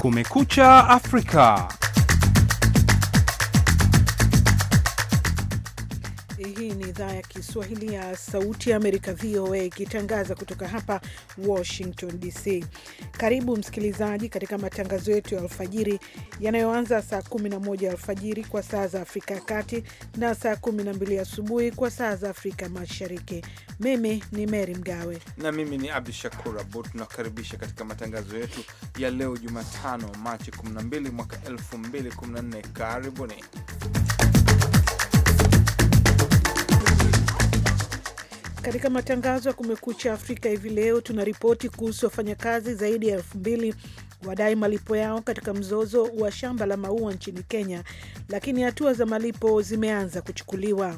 Kumekucha Afrika. Hii ni idhaa ya Kiswahili ya Sauti ya Amerika, VOA, ikitangaza kutoka hapa Washington DC. Karibu msikilizaji katika matangazo yetu ya alfajiri yanayoanza saa 11 alfajiri kwa saa za Afrika ya Kati na saa 12 asubuhi kwa saa za Afrika Mashariki. Mimi ni Mary Mgawe na mimi ni Abdu Shakur Abud. Tunakaribisha katika matangazo yetu ya leo Jumatano, Machi 12 mwaka 2014. Karibuni. Katika matangazo ya Kumekucha Afrika hivi leo tuna ripoti kuhusu wafanyakazi zaidi ya elfu mbili wadai malipo yao katika mzozo wa shamba la maua nchini Kenya, lakini hatua za malipo zimeanza kuchukuliwa.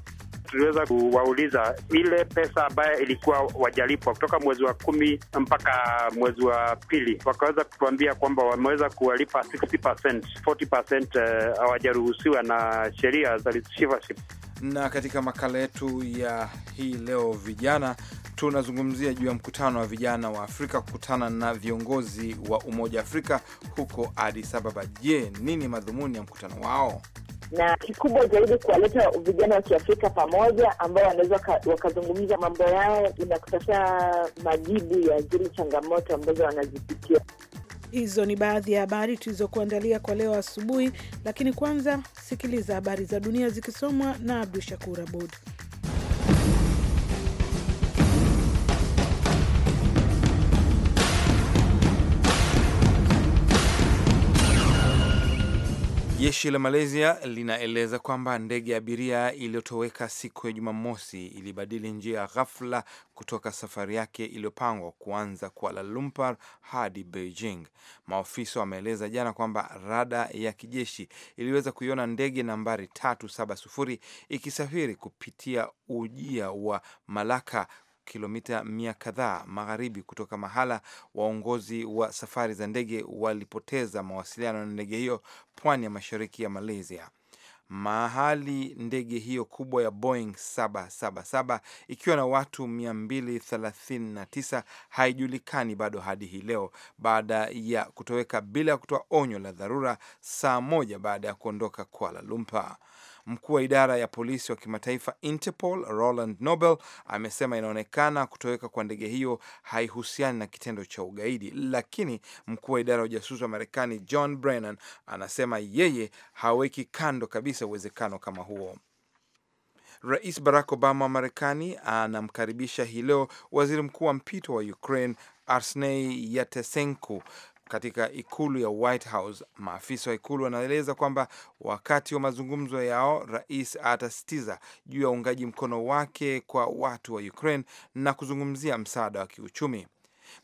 Tuliweza kuwauliza ile pesa ambayo ilikuwa wajalipwa kutoka mwezi wa kumi mpaka mwezi wa pili, wakaweza kutuambia kwamba wameweza kuwalipa 60%, 40% eh, hawajaruhusiwa na sheria za receivership na katika makala yetu ya hii leo vijana tunazungumzia juu ya mkutano wa vijana wa Afrika kukutana na viongozi wa Umoja wa Afrika huko Addis Ababa. Je, nini madhumuni ya mkutano wao? na kikubwa zaidi kuwaleta vijana wa Kiafrika pamoja ambao wanaweza wakazungumza mambo yao na kutafuta majibu ya zile changamoto ambazo wanazipitia. Hizo ni baadhi ya habari tulizokuandalia kwa leo asubuhi, lakini kwanza sikiliza habari za dunia zikisomwa na Abdu Shakur Abud. Jeshi la Malaysia linaeleza kwamba ndege ya abiria iliyotoweka siku ya Jumamosi ilibadili njia ya ghafla kutoka safari yake iliyopangwa kuanza Kuala Lumpur hadi Beijing. Maofisa wameeleza jana kwamba rada ya kijeshi iliweza kuiona ndege nambari 370 ikisafiri kupitia ujia wa Malaka kilomita mia kadhaa magharibi kutoka mahala waongozi wa safari za ndege walipoteza mawasiliano na ndege hiyo pwani ya mashariki ya Malaysia. Mahali ndege hiyo kubwa ya Boeing 777 ikiwa na watu 239 haijulikani bado hadi hii leo, baada ya kutoweka bila ya kutoa onyo la dharura saa moja baada ya kuondoka Kuala Lumpur. Mkuu wa idara ya polisi wa kimataifa Interpol Roland Nobel amesema inaonekana kutoweka kwa ndege hiyo haihusiani na kitendo cha ugaidi, lakini mkuu wa idara ya ujasusi wa Marekani John Brennan anasema yeye haweki kando kabisa uwezekano kama huo. Rais Barack Obama wa Marekani anamkaribisha hii leo waziri mkuu wa mpito wa Ukraine Arseniy Yatsenyuk katika ikulu ya White House. Maafisa wa ikulu wanaeleza kwamba wakati wa mazungumzo yao, rais atasitiza juu ya uungaji mkono wake kwa watu wa Ukraine na kuzungumzia msaada wa kiuchumi.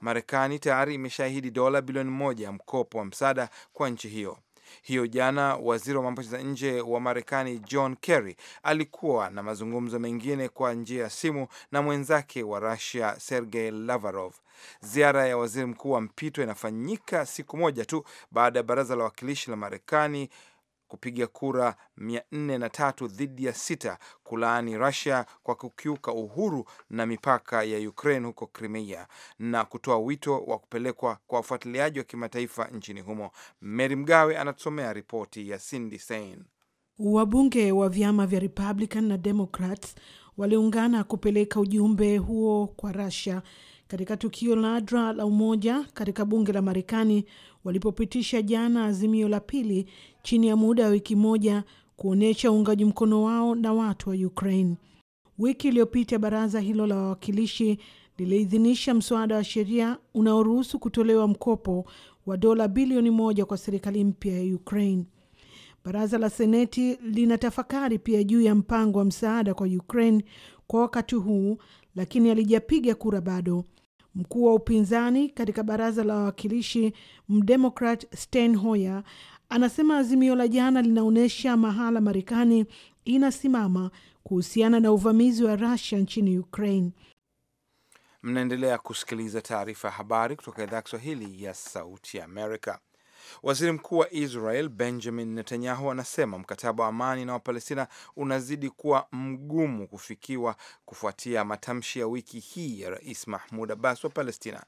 Marekani tayari imeshahidi dola bilioni moja mkopo wa msaada kwa nchi hiyo hiyo jana. Waziri wa mambo za nje wa Marekani John Kerry alikuwa na mazungumzo mengine kwa njia ya simu na mwenzake wa rasia Sergei Lavrov. Ziara ya waziri mkuu wa mpito inafanyika siku moja tu baada ya baraza la wawakilishi la Marekani kupiga kura 403 dhidi ya sita kulaani Russia kwa kukiuka uhuru na mipaka ya Ukraine huko Crimea na kutoa wito wa kupelekwa kwa ufuatiliaji wa kimataifa nchini humo. Mary Mgawe anatusomea ripoti ya Cindy Sein. Wabunge wa vyama vya Republican na Democrats waliungana kupeleka ujumbe huo kwa Russia katika tukio nadra la umoja katika bunge la Marekani walipopitisha jana azimio la pili chini ya muda wa wiki moja kuonyesha uungaji mkono wao na watu wa Ukraine. Wiki iliyopita baraza hilo la wawakilishi liliidhinisha mswada wa sheria unaoruhusu kutolewa mkopo wa dola bilioni moja kwa serikali mpya ya Ukraine. Baraza la Seneti linatafakari pia juu ya mpango wa msaada kwa Ukraine kwa wakati huu, lakini halijapiga kura bado. Mkuu wa upinzani katika baraza la wawakilishi mdemokrat sten Hoyer anasema azimio la jana linaonyesha mahala Marekani inasimama kuhusiana na uvamizi wa Rusia nchini Ukraine. Mnaendelea kusikiliza taarifa ya habari kutoka idhaa ya Kiswahili ya Sauti ya Amerika. Waziri Mkuu wa Israel Benjamin Netanyahu anasema mkataba wa amani na Wapalestina unazidi kuwa mgumu kufikiwa kufuatia matamshi ya wiki hii ya Rais Mahmud Abbas wa Palestina.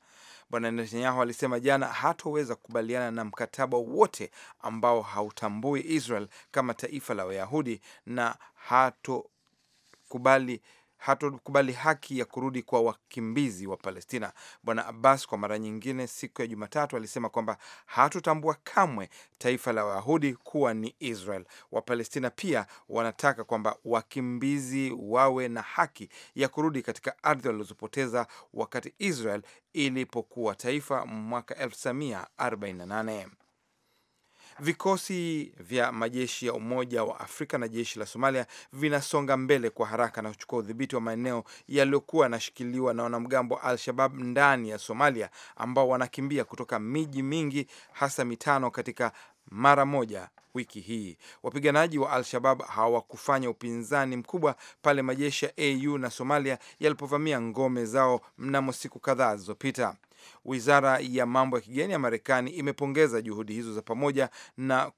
Bwana Netanyahu alisema jana hatoweza kukubaliana na mkataba wote ambao hautambui Israel kama taifa la Wayahudi na hatokubali hatukubali haki ya kurudi kwa wakimbizi wa Palestina. Bwana Abbas kwa mara nyingine siku ya Jumatatu alisema kwamba hatutambua kamwe taifa la Wayahudi kuwa ni Israel. Wapalestina pia wanataka kwamba wakimbizi wawe na haki ya kurudi katika ardhi walizopoteza wakati Israel ilipokuwa taifa mwaka 1948. Vikosi vya majeshi ya Umoja wa Afrika na jeshi la Somalia vinasonga mbele kwa haraka na kuchukua udhibiti wa maeneo yaliyokuwa yanashikiliwa na wanamgambo wa Al-Shabab ndani ya Somalia, ambao wanakimbia kutoka miji mingi hasa mitano katika mara moja. Wiki hii wapiganaji wa Al-Shabab hawakufanya upinzani mkubwa pale majeshi ya AU na Somalia yalipovamia ngome zao mnamo siku kadhaa zilizopita. Wizara ya mambo ya kigeni ya Marekani imepongeza juhudi hizo za pamoja na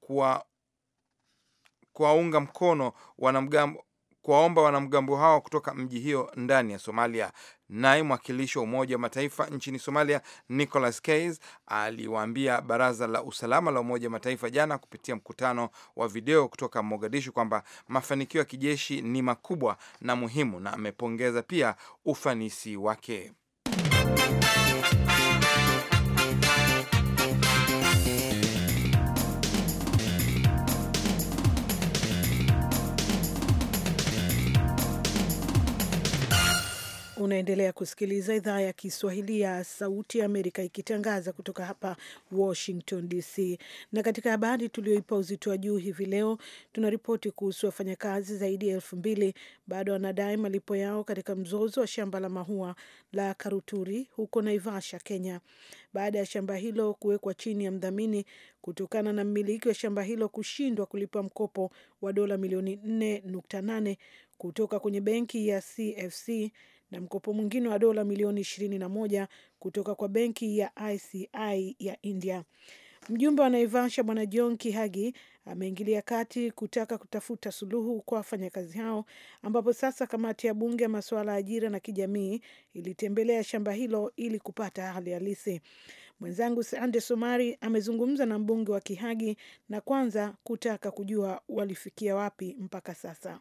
kuwaunga mkono wanamgambo kuwaomba wanamgambo hao kutoka mji hiyo ndani ya Somalia. Naye mwakilishi wa Umoja wa Mataifa nchini Somalia, Nicholas Case, aliwaambia Baraza la Usalama la Umoja wa Mataifa jana kupitia mkutano wa video kutoka Mogadishu kwamba mafanikio ya kijeshi ni makubwa na muhimu, na amepongeza pia ufanisi wake. Unaendelea kusikiliza idhaa ya Kiswahili ya Sauti ya Amerika ikitangaza kutoka hapa Washington DC. Na katika habari tulioipa uzito wa juu hivi leo, tunaripoti kuhusu wafanyakazi zaidi ya elfu mbili bado wanadai malipo yao katika mzozo wa shamba la mahua la Karuturi huko Naivasha, Kenya, baada ya shamba hilo kuwekwa chini ya mdhamini kutokana na mmiliki wa shamba hilo kushindwa kulipa mkopo wa dola milioni 4.8 kutoka kwenye benki ya CFC na mkopo mwingine wa dola milioni ishirini na moja kutoka kwa benki ya ICI ya India. Mjumbe wa Naivasha Bwana John Kihagi ameingilia kati kutaka kutafuta suluhu kwa wafanyakazi hao, ambapo sasa kamati ya bunge ya masuala ya ajira na kijamii ilitembelea shamba hilo ili kupata hali halisi. Mwenzangu Sande Somari amezungumza na mbunge wa Kihagi na kwanza kutaka kujua walifikia wapi mpaka sasa.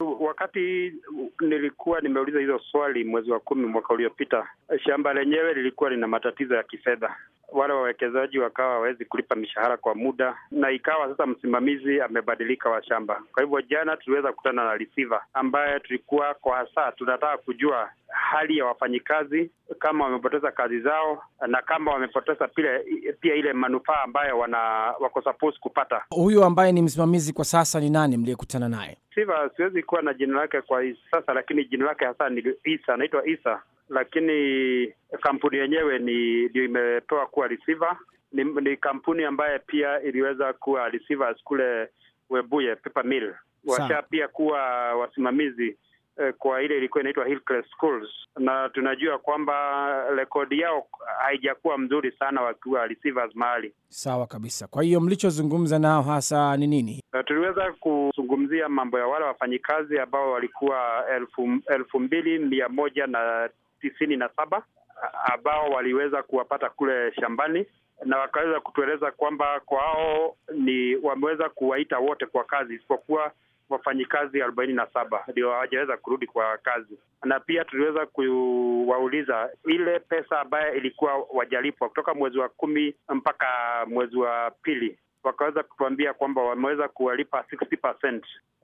Wakati nilikuwa nimeuliza hizo swali mwezi wa kumi mwaka uliopita, shamba lenyewe lilikuwa lina matatizo ya kifedha, wale wawekezaji wakawa hawawezi kulipa mishahara kwa muda, na ikawa sasa msimamizi amebadilika wa shamba. Kwa hivyo, jana tuliweza kukutana na receiver ambaye tulikuwa kwa hasa tunataka kujua hali ya wafanyikazi kama wamepoteza kazi zao na kama wamepoteza pia, pia ile manufaa ambayo wana wako supposed kupata. Huyu ambaye ni msimamizi kwa sasa ni nani mliyekutana naye? Siva, siwezi kuwa na jina lake kwa sasa, lakini jina lake hasa ni Isa, anaitwa Isa, lakini kampuni yenyewe ni ndio imepewa kuwa receiver. Ni, ni kampuni ambaye pia iliweza kuwa receivers kule Webuye paper mill, washa pia kuwa wasimamizi Eh, kwa ile ilikuwa inaitwa Hillcrest Schools, na tunajua kwamba rekodi yao haijakuwa mzuri sana wakiwa receivers mahali. Sawa kabisa. Kwa hiyo mlichozungumza nao hasa ni nini? Eh, tuliweza kuzungumzia mambo ya wale wafanyikazi ambao walikuwa elfu, elfu mbili mia moja na tisini na saba ambao waliweza kuwapata kule shambani na wakaweza kutueleza kwamba kwao ni wameweza kuwaita wote kwa kazi isipokuwa wafanyikazi arobaini na saba ndio hawajaweza kurudi kwa kazi, na pia tuliweza kuwauliza ile pesa ambayo ilikuwa wajalipwa kutoka mwezi wa kumi mpaka mwezi wa pili wakaweza kutuambia kwamba wameweza kuwalipa 60%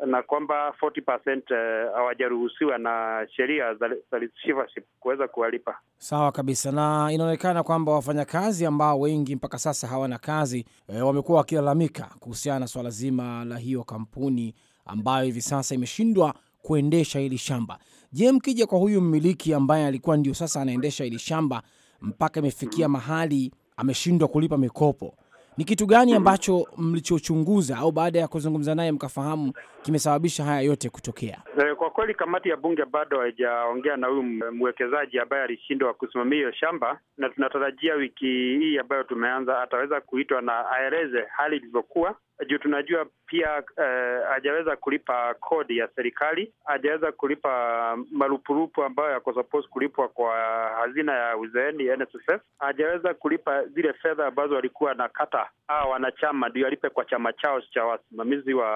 na kwamba 40% eh, hawajaruhusiwa uh, na sheria za receivership kuweza kuwalipa. Sawa kabisa, na inaonekana kwamba wafanyakazi ambao wengi mpaka sasa hawana kazi e, wamekuwa wakilalamika kuhusiana na swala zima la hiyo kampuni ambayo hivi sasa imeshindwa kuendesha hili shamba. Je, mkija kwa huyu mmiliki ambaye alikuwa ndio sasa anaendesha hili shamba mpaka imefikia mahali ameshindwa kulipa mikopo, ni kitu gani ambacho mlichochunguza au baada ya kuzungumza naye mkafahamu kimesababisha haya yote kutokea? Eh, kwa kweli kamati ya bunge bado haijaongea na huyu mwekezaji ambaye alishindwa kusimamia hiyo shamba, na tunatarajia wiki hii ambayo tumeanza ataweza kuitwa na aeleze hali ilivyokuwa juu tunajua pia eh, hajaweza eh, kulipa kodi ya serikali, hajaweza kulipa marupurupu ambayo yako supposed kulipwa kwa hazina ya uzeeni NSSF, hajaweza kulipa zile fedha ambazo walikuwa na kata aa wanachama ndio alipe kwa chama chao cha wasimamizi wa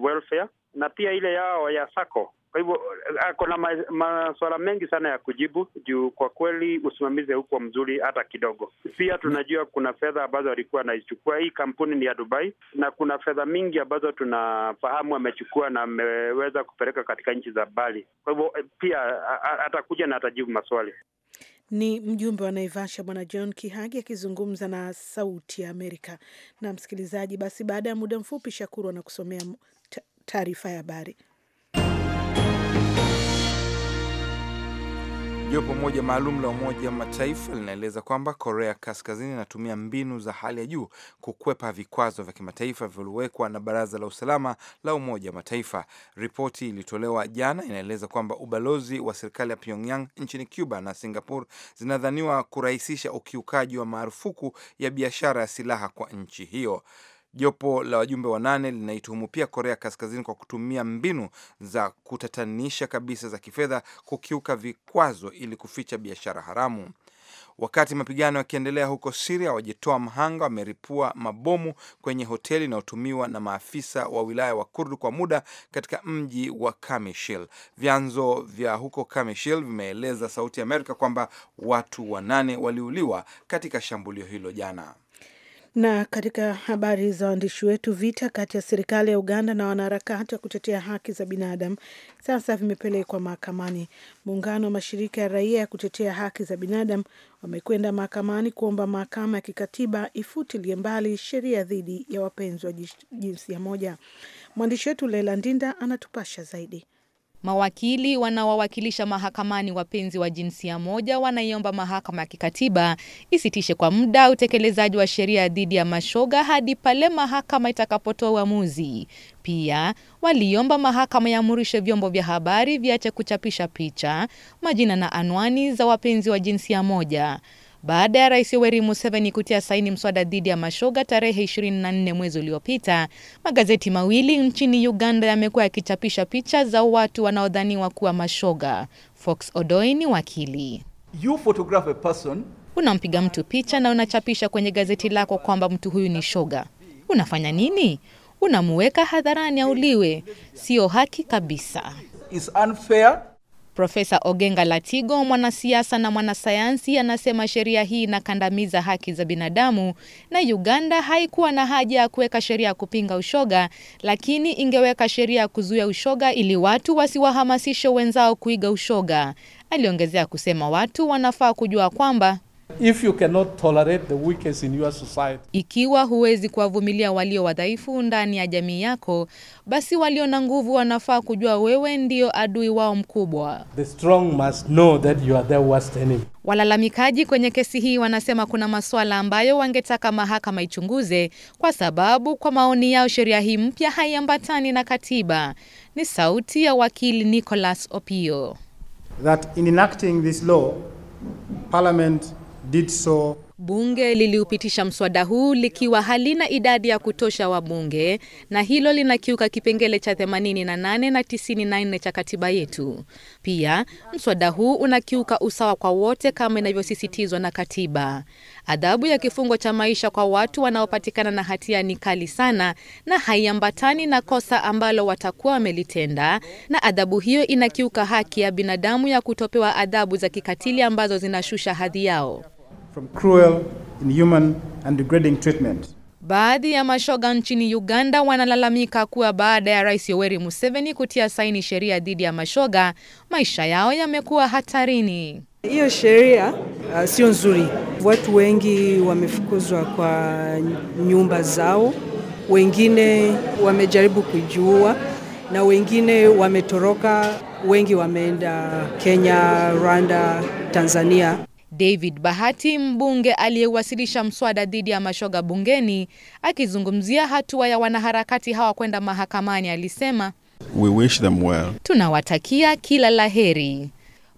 welfare na pia ile yao ya sako. Kwa hivyo eh, ako na masuala mengi sana ya kujibu, juu kwa kweli usimamizi haukuwa mzuri hata kidogo. Pia tunajua kuna fedha ambazo walikuwa anaichukua. Hii kampuni ni ya Dubai na kuna fedha mingi ambazo tunafahamu amechukua na ameweza kupeleka katika nchi za mbali. Kwa hivyo eh, pia atakuja na atajibu maswali. Ni mjumbe wa Naivasha Bwana John Kihagi akizungumza na Sauti ya Amerika. Na msikilizaji, basi baada ya muda mfupi, Shakuru anakusomea taarifa ya habari. Jopo moja maalum la Umoja Mataifa linaeleza kwamba Korea Kaskazini inatumia mbinu za hali ya juu kukwepa vikwazo vya kimataifa vilivyowekwa na Baraza la Usalama la Umoja Mataifa. Ripoti iliyotolewa jana inaeleza kwamba ubalozi wa serikali ya Pyongyang nchini Cuba na Singapore zinadhaniwa kurahisisha ukiukaji wa marufuku ya biashara ya silaha kwa nchi hiyo. Jopo la wajumbe wanane linaituhumu pia Korea Kaskazini kwa kutumia mbinu za kutatanisha kabisa za kifedha kukiuka vikwazo ili kuficha biashara haramu. Wakati mapigano yakiendelea huko Siria, wajitoa mhanga wameripua mabomu kwenye hoteli inayotumiwa na maafisa wa wilaya wa Kurdu kwa muda katika mji wa Kamishil. Vyanzo vya huko Kamishil vimeeleza Sauti ya Amerika kwamba watu wanane waliuliwa katika shambulio hilo jana. Na katika habari za waandishi wetu, vita kati ya serikali ya Uganda na wanaharakati wa kutetea haki za binadamu sasa vimepelekwa mahakamani. Muungano wa mashirika ya raia ya kutetea haki za binadamu wamekwenda mahakamani kuomba mahakama ya kikatiba ifutilie mbali sheria dhidi ya wapenzi wa jinsia moja. Mwandishi wetu Leila Ndinda anatupasha zaidi. Mawakili wanaowawakilisha mahakamani wapenzi wa jinsia moja wanaiomba mahakama ya kikatiba isitishe kwa muda utekelezaji wa sheria dhidi ya mashoga hadi pale mahakama itakapotoa uamuzi. Pia waliomba mahakama yaamurishe vyombo vya habari viache kuchapisha picha, majina na anwani za wapenzi wa jinsia moja baada ya Rais Yoweri Museveni kutia saini mswada dhidi ya mashoga tarehe 24 mwezi uliopita, magazeti mawili nchini Uganda yamekuwa yakichapisha picha za watu wanaodhaniwa kuwa mashoga. Fox Odoi ni wakili. You photograph a person, unampiga mtu picha na unachapisha kwenye gazeti lako kwamba mtu huyu ni shoga. Unafanya nini? Unamuweka hadharani auliwe. Sio haki kabisa. It's unfair. Profesa Ogenga Latigo, mwanasiasa na mwanasayansi, anasema sheria hii inakandamiza haki za binadamu na Uganda haikuwa na haja ya kuweka sheria ya kupinga ushoga, lakini ingeweka sheria ya kuzuia ushoga ili watu wasiwahamasishe wenzao kuiga ushoga. Aliongezea kusema watu wanafaa kujua kwamba If you cannot tolerate the weakest in your society. Ikiwa huwezi kuwavumilia walio wadhaifu ndani ya jamii yako, basi walio na nguvu wanafaa kujua wewe ndio adui wao mkubwa. The strong must know that you are their worst enemy. Walalamikaji kwenye kesi hii wanasema kuna masuala ambayo wangetaka mahakama ichunguze kwa sababu kwa maoni yao sheria hii mpya haiambatani na katiba. Ni sauti ya wakili Nicholas Opio. That in enacting this law, Parliament did so. Bunge liliupitisha mswada huu likiwa halina idadi ya kutosha wa bunge na hilo linakiuka kipengele cha 88 na 94 cha katiba yetu. Pia mswada huu unakiuka usawa kwa wote kama inavyosisitizwa na katiba. Adhabu ya kifungo cha maisha kwa watu wanaopatikana na hatia ni kali sana na haiambatani na kosa ambalo watakuwa wamelitenda, na adhabu hiyo inakiuka haki ya binadamu ya kutopewa adhabu za kikatili ambazo zinashusha hadhi yao from cruel, inhuman and degrading treatment. Baadhi ya mashoga nchini Uganda wanalalamika kuwa baada ya Rais Yoweri Museveni kutia saini sheria dhidi ya mashoga, maisha yao yamekuwa hatarini. Hiyo sheria uh, sio nzuri. Watu wengi wamefukuzwa kwa nyumba zao, wengine wamejaribu kujiua na wengine wametoroka, wengi wameenda Kenya, Rwanda, Tanzania. David Bahati, mbunge aliyewasilisha mswada dhidi ya mashoga bungeni, akizungumzia hatua ya wanaharakati hawa kwenda mahakamani, alisema We wish them well. Tunawatakia kila laheri.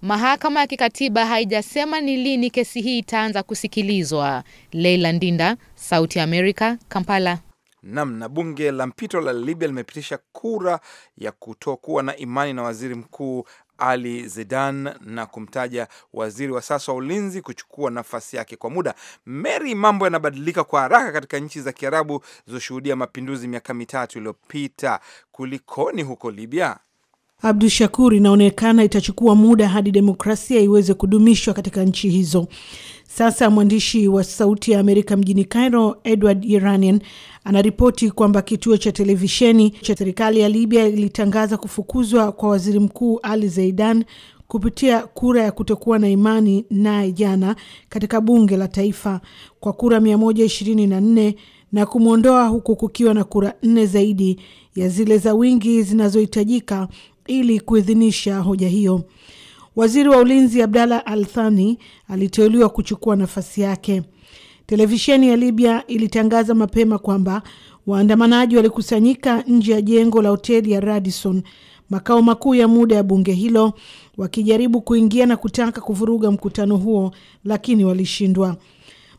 Mahakama ya Kikatiba haijasema ni lini kesi hii itaanza kusikilizwa. Leila Ndinda, Sauti ya Amerika, Kampala. Nam na bunge la mpito la Libya limepitisha kura ya kutokuwa na imani na waziri mkuu ali Zidan na kumtaja waziri wa sasa wa ulinzi kuchukua nafasi yake kwa muda. Mary, mambo yanabadilika kwa haraka katika nchi za Kiarabu zilizoshuhudia mapinduzi miaka mitatu iliyopita. Kulikoni huko Libya? Abdu Shakur, inaonekana itachukua muda hadi demokrasia iweze kudumishwa katika nchi hizo. Sasa mwandishi wa Sauti ya Amerika mjini Cairo, Edward Iranian, anaripoti kwamba kituo cha televisheni cha serikali ya Libya ilitangaza kufukuzwa kwa waziri mkuu Ali Zeidan kupitia kura ya kutokuwa na imani naye jana katika bunge la taifa kwa kura 124 na kumwondoa huku kukiwa na kura nne zaidi ya zile za wingi zinazohitajika ili kuidhinisha hoja hiyo. Waziri wa ulinzi Abdalla Al-Thani aliteuliwa kuchukua nafasi yake. Televisheni ya Libya ilitangaza mapema kwamba waandamanaji walikusanyika nje ya jengo la hoteli ya Radisson, makao makuu ya muda ya bunge hilo, wakijaribu kuingia na kutaka kuvuruga mkutano huo, lakini walishindwa.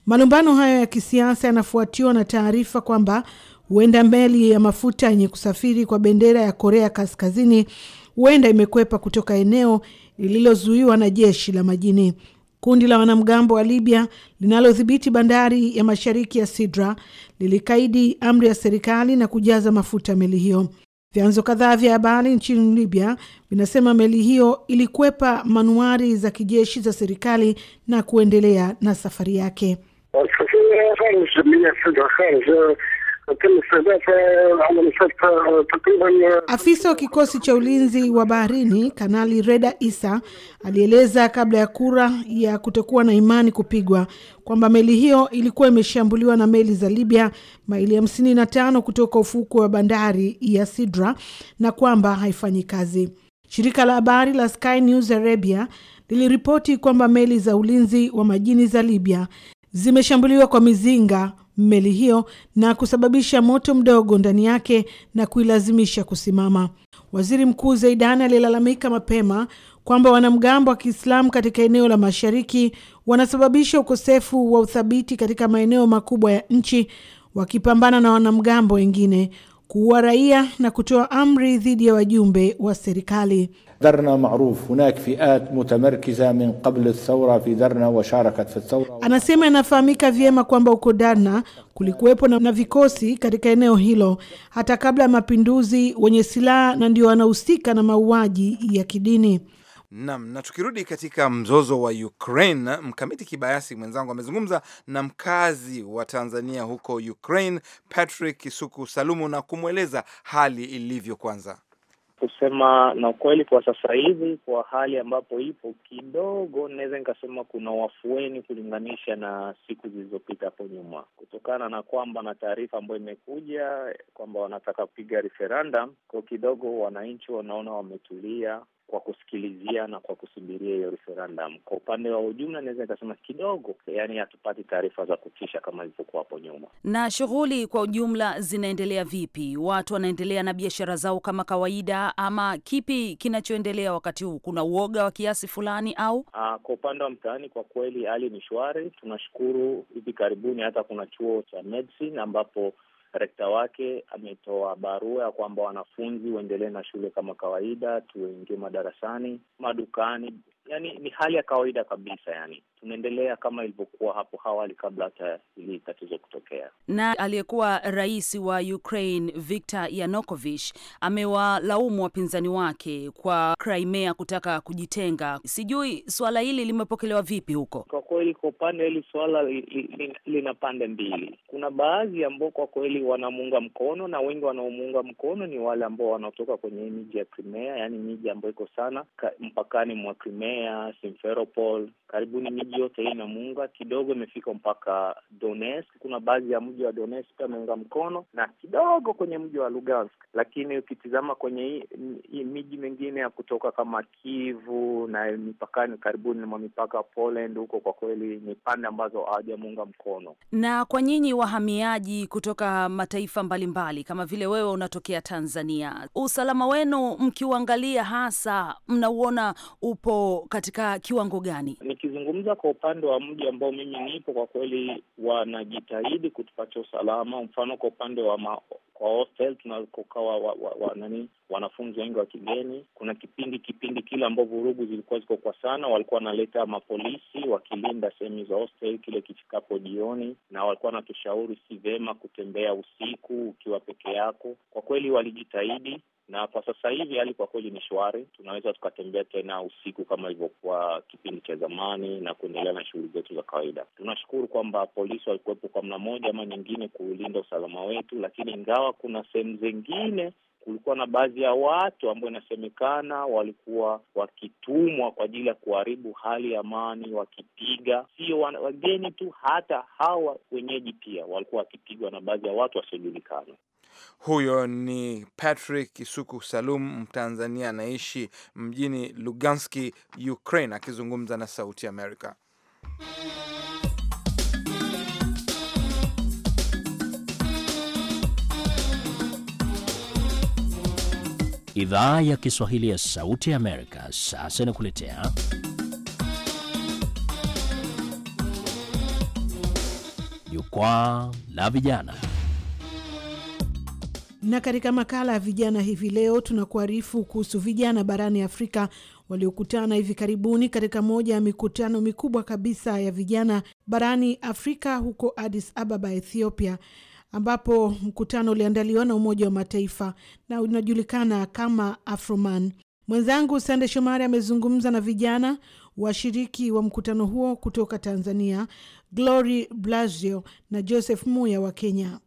Malumbano hayo ya kisiasa yanafuatiwa na taarifa kwamba huenda meli ya mafuta yenye kusafiri kwa bendera ya Korea Kaskazini huenda imekwepa kutoka eneo lililozuiwa na jeshi la majini. Kundi la wanamgambo wa Libya linalodhibiti bandari ya mashariki ya Sidra lilikaidi amri ya serikali na kujaza mafuta meli hiyo. Vyanzo kadhaa vya habari nchini Libya vinasema meli hiyo ilikwepa manuari za kijeshi za serikali na kuendelea na safari yake. Eh, eh, Afisa wa kikosi cha ulinzi wa baharini Kanali Reda Isa alieleza kabla ya kura ya kutokuwa na imani kupigwa kwamba meli hiyo ilikuwa imeshambuliwa na meli za Libya maili hamsini na tano kutoka ufukwe wa bandari ya Sidra na kwamba haifanyi kazi. Shirika la habari la Sky News Arabia liliripoti kwamba meli za ulinzi wa majini za Libya zimeshambuliwa kwa mizinga meli hiyo na kusababisha moto mdogo ndani yake na kuilazimisha kusimama. Waziri Mkuu Zeidan alilalamika mapema kwamba wanamgambo wa Kiislamu katika eneo la mashariki wanasababisha ukosefu wa uthabiti katika maeneo makubwa ya nchi, wakipambana na wanamgambo wengine, kuua raia na kutoa amri dhidi ya wajumbe wa serikali. Dharna maruf, hunak fiat mutamarkiza min qabl ath-thawra fi Dharna wa sharakat fi ath-thawra. Anasema inafahamika vyema kwamba uko Darna kulikuwepo na vikosi katika eneo hilo hata kabla ya mapinduzi, wenye silaha na ndio wanahusika na mauaji ya kidini. Nam, na tukirudi katika mzozo wa Ukraine, mkamiti kibayasi mwenzangu amezungumza na mkazi wa Tanzania huko Ukraine, Patrick suku Salumu, na kumweleza hali ilivyo. Kwanza kusema na ukweli, kwa sasa hivi, kwa hali ambapo ipo kidogo, naweza nikasema kuna wafueni kulinganisha na siku zilizopita hapo nyuma, kutokana na kwamba na taarifa ambayo imekuja kwamba wanataka kupiga referendum, kwa kidogo wananchi wanaona wametulia, kwa kusikilizia na kwa kusubiria hiyo referendum. Kwa upande wa ujumla, naweza nikasema kidogo, yaani hatupati taarifa za kutisha kama ilivyokuwa hapo nyuma. Na shughuli kwa ujumla zinaendelea vipi? Watu wanaendelea na biashara zao kama kawaida, ama kipi kinachoendelea wakati huu? Kuna uoga wa kiasi fulani au? Aa, ah, kwa upande wa mtaani, kwa kweli hali ni shwari. Tunashukuru hivi karibuni hata kuna chuo cha medicine ambapo rekta wake ametoa barua ya kwamba wanafunzi waendelee na shule kama kawaida, tuingie madarasani, madukani, yani ni hali ya kawaida kabisa yani tunaendelea kama ilivyokuwa hapo awali kabla hata hili tatizo kutokea. Na aliyekuwa rais wa Ukraine Viktor Yanukovych amewalaumu wapinzani wake kwa Crimea kutaka kujitenga. Sijui suala hili limepokelewa vipi huko? Kwa kweli, kwa upande hili suala lina pande mbili. Kuna baadhi ambao kwa kweli wanamuunga mkono, na wengi wanaomuunga mkono ni wale ambao wanaotoka kwenye miji ya Crimea, yaani miji ambayo iko sana mpakani mwa Crimea, Simferopol, karibuni miji yote hii imemuunga kidogo, imefika mpaka Donetsk. Kuna baadhi ya mji wa Donetsk pia ameunga mkono na kidogo kwenye mji wa Lugansk, lakini ukitizama kwenye hii miji mingine ya kutoka kama Kivu na mipakani karibuni mwa mipaka Poland, huko kwa kweli ni pande ambazo hawajamuunga mkono. Na kwa nyinyi wahamiaji kutoka mataifa mbalimbali kama vile wewe unatokea Tanzania, usalama wenu mkiuangalia hasa mnauona upo katika kiwango gani? Nikizungumza kwa upande wa mji ambao mimi nipo, kwa kweli wanajitahidi kutupatia usalama. Mfano kwa upande wa ma, kwa hostel tunakokawa wa, wa, wa, nani wanafunzi wengi wa kigeni. Kuna kipindi kipindi kile ambao vurugu zilikuwa ziko kwa sana, walikuwa wanaleta mapolisi wakilinda sehemu za hostel kile kifikapo jioni, na walikuwa wanatushauri si vema kutembea usiku ukiwa peke yako. Kwa kweli walijitahidi na kwa sasa hivi hali kwa kweli ni shwari. Tunaweza tukatembea tena usiku kama ilivyokuwa kipindi cha zamani na kuendelea na shughuli zetu za kawaida. Tunashukuru kwamba polisi walikuwepo kwa mna moja ama nyingine kuulinda usalama wetu, lakini ingawa kuna sehemu zingine kulikuwa na baadhi ya watu ambao inasemekana walikuwa wakitumwa kwa ajili ya kuharibu hali ya amani, wakipiga sio wageni tu, hata hawa wenyeji pia walikuwa wakipigwa na baadhi ya watu wasiojulikana. Huyo ni Patrick Kisuku Salum, Mtanzania anaishi mjini Luganski, Ukraine, akizungumza na Sauti Amerika. Idhaa ya Kiswahili ya Sauti Amerika sasa inakuletea jukwaa la vijana. Na katika makala ya vijana hivi leo tunakuarifu kuhusu vijana barani Afrika waliokutana hivi karibuni katika moja ya mikutano mikubwa kabisa ya vijana barani Afrika huko Addis Ababa, Ethiopia, ambapo mkutano uliandaliwa na Umoja wa Mataifa na unajulikana kama Afroman. Mwenzangu Sande Shomari amezungumza na vijana washiriki wa mkutano huo kutoka Tanzania, Glory Blasio na Joseph Muya wa Kenya.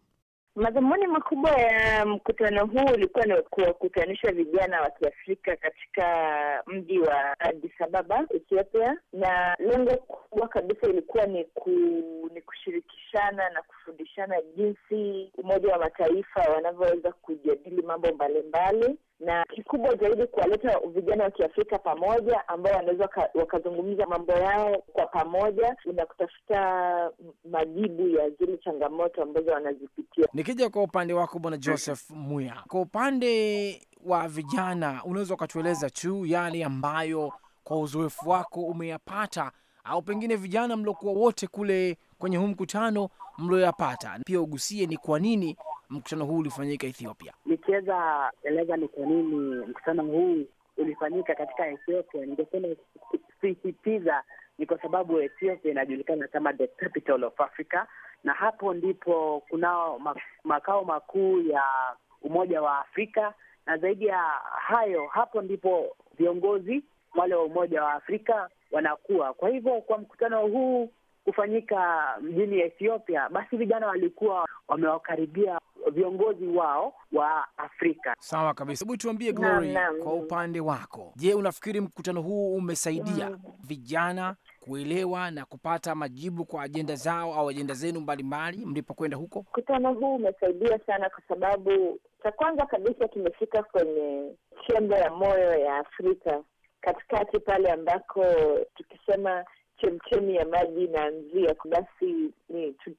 Madhumuni makubwa ya mkutano huu ulikuwa ni kuwakutanisha vijana wa Kiafrika katika mji wa Addis Ababa, Ethiopia, na lengo kubwa kabisa ilikuwa ni ku, ni kushirikishana na kufundishana jinsi Umoja wa Mataifa wanavyoweza kujadili mambo mbalimbali na kikubwa zaidi kuwaleta vijana wa Kiafrika pamoja ambao wanaweza wakazungumza mambo yao kwa pamoja na kutafuta majibu ya zile changamoto ambazo wanazipitia. Nikija kwa upande wako Bwana Joseph Muya, kwa upande wa vijana, unaweza ukatueleza tu yale ambayo kwa uzoefu wako umeyapata au pengine vijana mliokuwa wote kule kwenye huu mkutano mlioyapata, pia ugusie ni kwa nini mkutano huu ulifanyika Ethiopia? Nikiweza eleza ni kwa nini mkutano huu ulifanyika katika Ethiopia, ningesema sisitiza ni kwa sababu Ethiopia inajulikana kama the capital of Africa, na hapo ndipo kunao makao makuu ya Umoja wa Afrika, na zaidi ya hayo, hapo ndipo viongozi wale wa Umoja wa Afrika wanakuwa. Kwa hivyo kwa mkutano huu kufanyika mjini Ethiopia, basi vijana walikuwa wamewakaribia viongozi wao wa Afrika. Sawa kabisa. Hebu tuambie Glory, na, na, kwa upande wako, je, unafikiri mkutano huu umesaidia na, vijana kuelewa na kupata majibu kwa ajenda zao au ajenda zenu mbalimbali mlipokwenda huko? Mkutano huu umesaidia sana kwa sababu cha kwanza kabisa kimefika kwenye chembe ya moyo ya Afrika katikati pale ambako tukisema chemchemi ya maji inaanzia, basi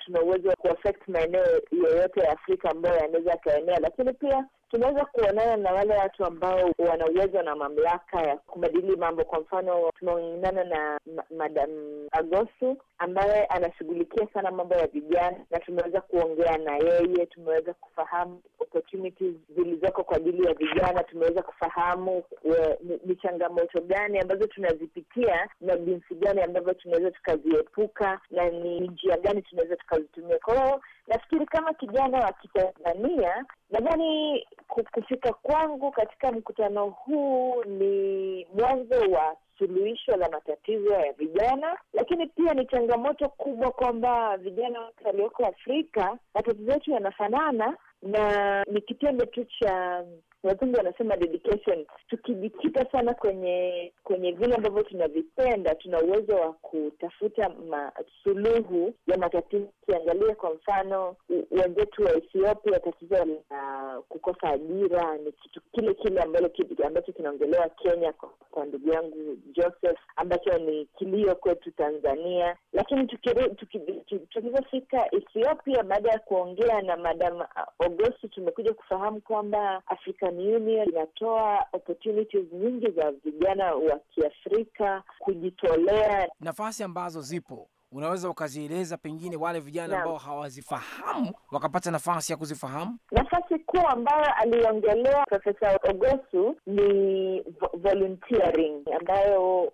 tuna uwezo wa kuaffect maeneo yoyote ya Afrika ambayo yanaweza yakaenea, lakini pia tunaweza kuonana na wale watu ambao wana uwezo na mamlaka ya kubadili mambo. Kwa mfano tumeonana na Madam Agosu ambaye anashughulikia sana mambo ya vijana, na tumeweza kuongea na yeye, tumeweza kufahamu opportunities zilizoko kwa ajili ya vijana, tumeweza kufahamu eh, ni changamoto gani ambazo tunazipitia na jinsi gani ambavyo tunaweza tukaziepuka na ni njia gani tunaweza tukazitumia. Kwa hiyo nafikiri kama kijana wa Kitanzania, nadhani kufika kwangu katika mkutano huu ni mwanzo wa suluhisho la matatizo ya vijana, lakini pia ni changamoto kubwa kwamba vijana wote walioko Afrika matatizo yetu yanafanana, na ni kitendo tu cha wazungu wanasema dedication. Tukijikita sana kwenye kwenye vile ambavyo tunavipenda, tuna uwezo wa kutafuta suluhu ya matatizo. Ukiangalia kwa mfano wenzetu wa Ethiopia, tatizo la uh, kukosa ajira ni kitu kile kile ambalo ambacho kinaongelewa Kenya kwa, kwa ndugu yangu Joseph, ambacho ni kilio kwetu Tanzania. Lakini tukivyofika Ethiopia, baada ya kuongea na Madam Ogosi, tumekuja kufahamu kwamba Afrika African Union inatoa opportunities nyingi za vijana wa Kiafrika kujitolea, nafasi ambazo zipo unaweza ukazieleza pengine wale vijana ambao hawazifahamu wakapata nafasi ya kuzifahamu. Nafasi kuu ambayo aliongelea Profesa Ogosu ni volunteering ambayo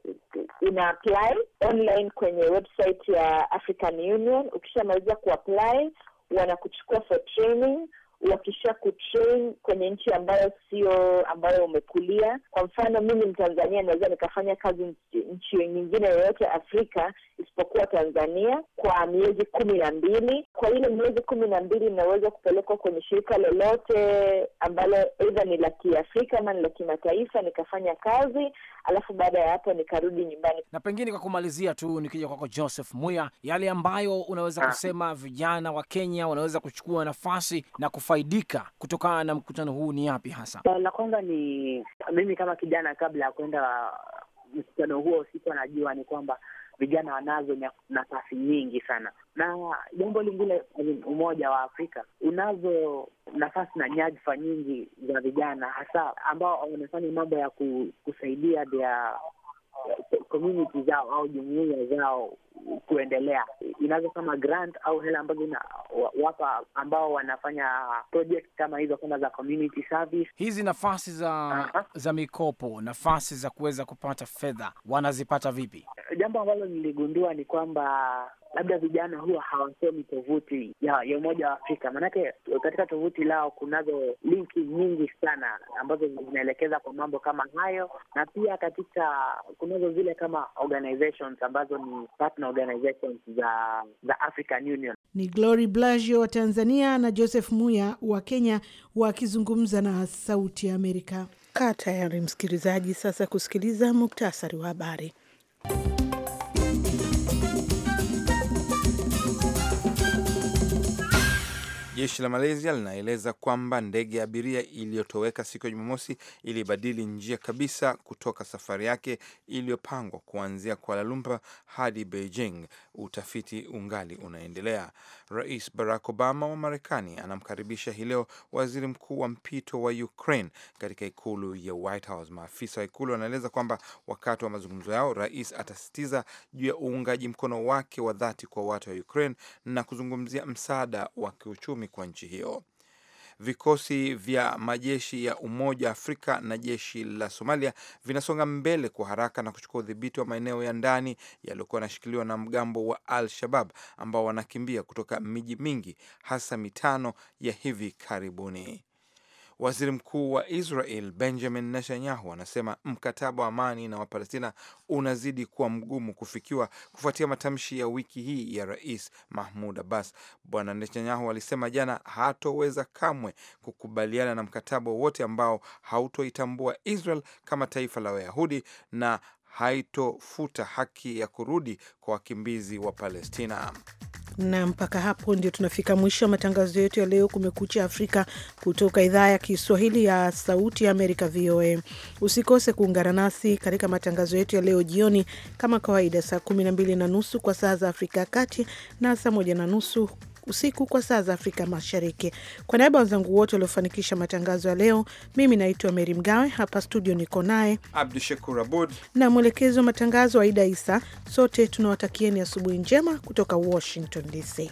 ina apply online kwenye website ya African Union. Ukishamaliza kuapply wanakuchukua for training wakisha kutrain kwenye nchi ambayo sio ambayo umekulia. Kwa mfano, mimi Mtanzania naweza nikafanya kazi nchi nyingine yoyote Afrika isipokuwa Tanzania kwa miezi kumi na mbili. Kwa ile miezi kumi na mbili inaweza kupelekwa kwenye shirika lolote ambalo eidha ni la Kiafrika ama ni la kimataifa, nikafanya kazi alafu baada ya hapo nikarudi nyumbani. Na pengine kwa kumalizia tu, nikija kwako Joseph Muya, yale ambayo unaweza ah. kusema vijana wa Kenya wanaweza kuchukua nafasi na kufanya kufaidika kutokana na mkutano huu ni yapi hasa? Uh, la kwanza ni mimi kama kijana, kabla ya kuenda mkutano huo, usiku anajua ni kwamba vijana wanazo nafasi nyingi sana, na jambo lingine, Umoja wa Afrika unazo nafasi na nyadhifa nyingi za vijana, hasa ambao wanafanya mambo ya kusaidia vya community zao au jumuia zao kuendelea. Inaweza kama grant au hela ambazo inawapa ambao wanafanya project kama hizo kama za community service. Hizi nafasi za uh-huh, za mikopo, nafasi za kuweza kupata fedha wanazipata vipi? Jambo ambalo niligundua ni kwamba labda vijana huwa hawasomi tovuti ya, ya Umoja wa Afrika, maanake katika tovuti lao kunazo linki nyingi sana ambazo zinaelekeza kwa mambo kama hayo, na pia katika kunazo zile kama organizations ambazo ni partner organizations za, za African Union. Ni Glory Blagio wa Tanzania na Joseph Muya wa Kenya wakizungumza na Sauti ya Amerika. Kaa tayari msikilizaji, sasa kusikiliza muktasari wa habari. Jeshi la Malaysia linaeleza kwamba ndege ya abiria iliyotoweka siku ya Jumamosi ilibadili njia kabisa kutoka safari yake iliyopangwa kuanzia Kuala Lumpur hadi Beijing. Utafiti ungali unaendelea. Rais Barack Obama wa Marekani anamkaribisha hii leo waziri mkuu wa mpito wa Ukraine katika ikulu ya White House. Maafisa wa ikulu wanaeleza kwamba wakati wa mazungumzo yao, rais atasisitiza juu ya uungaji mkono wake wa dhati kwa watu wa Ukraine na kuzungumzia msaada wa kiuchumi kwa nchi hiyo. Vikosi vya majeshi ya Umoja wa Afrika na jeshi la Somalia vinasonga mbele kwa haraka na kuchukua udhibiti wa maeneo ya ndani yaliyokuwa yanashikiliwa na mgambo wa Al Shabab ambao wanakimbia kutoka miji mingi hasa mitano ya hivi karibuni. Waziri mkuu wa Israel Benjamin Netanyahu anasema mkataba wa amani na Wapalestina unazidi kuwa mgumu kufikiwa kufuatia matamshi ya wiki hii ya Rais Mahmud Abbas. Bwana Netanyahu alisema jana hatoweza kamwe kukubaliana na mkataba wowote ambao hautoitambua Israel kama taifa la Wayahudi na haitofuta haki ya kurudi kwa wakimbizi wa Palestina. Na mpaka hapo ndio tunafika mwisho wa matangazo yetu ya leo, Kumekucha Afrika, kutoka idhaa ya Kiswahili ya Sauti Amerika, VOA. Usikose kuungana nasi katika matangazo yetu ya leo jioni, kama kawaida, saa 12 na nusu kwa saa za Afrika ya Kati na saa 1 na nusu usiku kwa saa za Afrika Mashariki. Kwa niaba ya wenzangu wote waliofanikisha matangazo ya leo, mimi naitwa Meri Mgawe, hapa studio niko naye Abdushakur Abud na mwelekezi wa matangazo Aida Isa. Sote tunawatakieni asubuhi njema kutoka Washington DC.